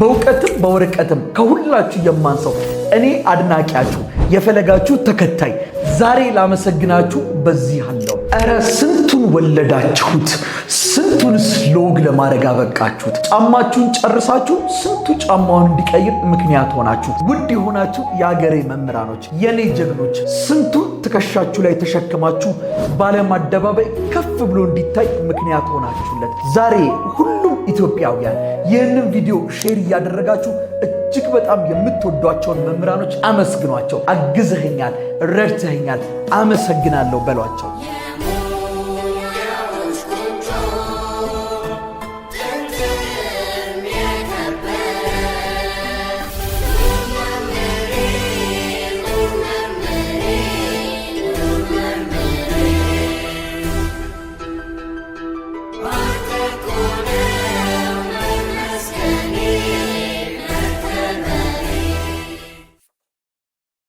በእውቀትም በወረቀትም ከሁላችሁ የማንሰው እኔ አድናቂያችሁ የፈለጋችሁ ተከታይ ዛሬ ላመሰግናችሁ በዚህ አለው። እረ ስንቱን ወለዳችሁት፣ ስንቱንስ ሎግ ለማድረግ አበቃችሁት። ጫማችሁን ጨርሳችሁ ስንቱ ጫማውን እንዲቀይር ምክንያት ሆናችሁ። ውድ የሆናችሁ የአገሬ መምህራኖች፣ የኔ ጀግኖች፣ ስንቱን ትከሻችሁ ላይ ተሸክማችሁ በዓለም አደባባይ ከፍ ብሎ እንዲታይ ምክንያት ሆናችሁለት። ዛሬ ሁሉም ኢትዮጵያውያን ይህንን ቪዲዮ ሼር እያደረጋችሁ እጅግ በጣም የምትወዷቸውን መምህራኖች አመስግኗቸው። አግዝህኛል፣ ረድተህ ይመስለኛል። አመሰግናለሁ በሏቸው።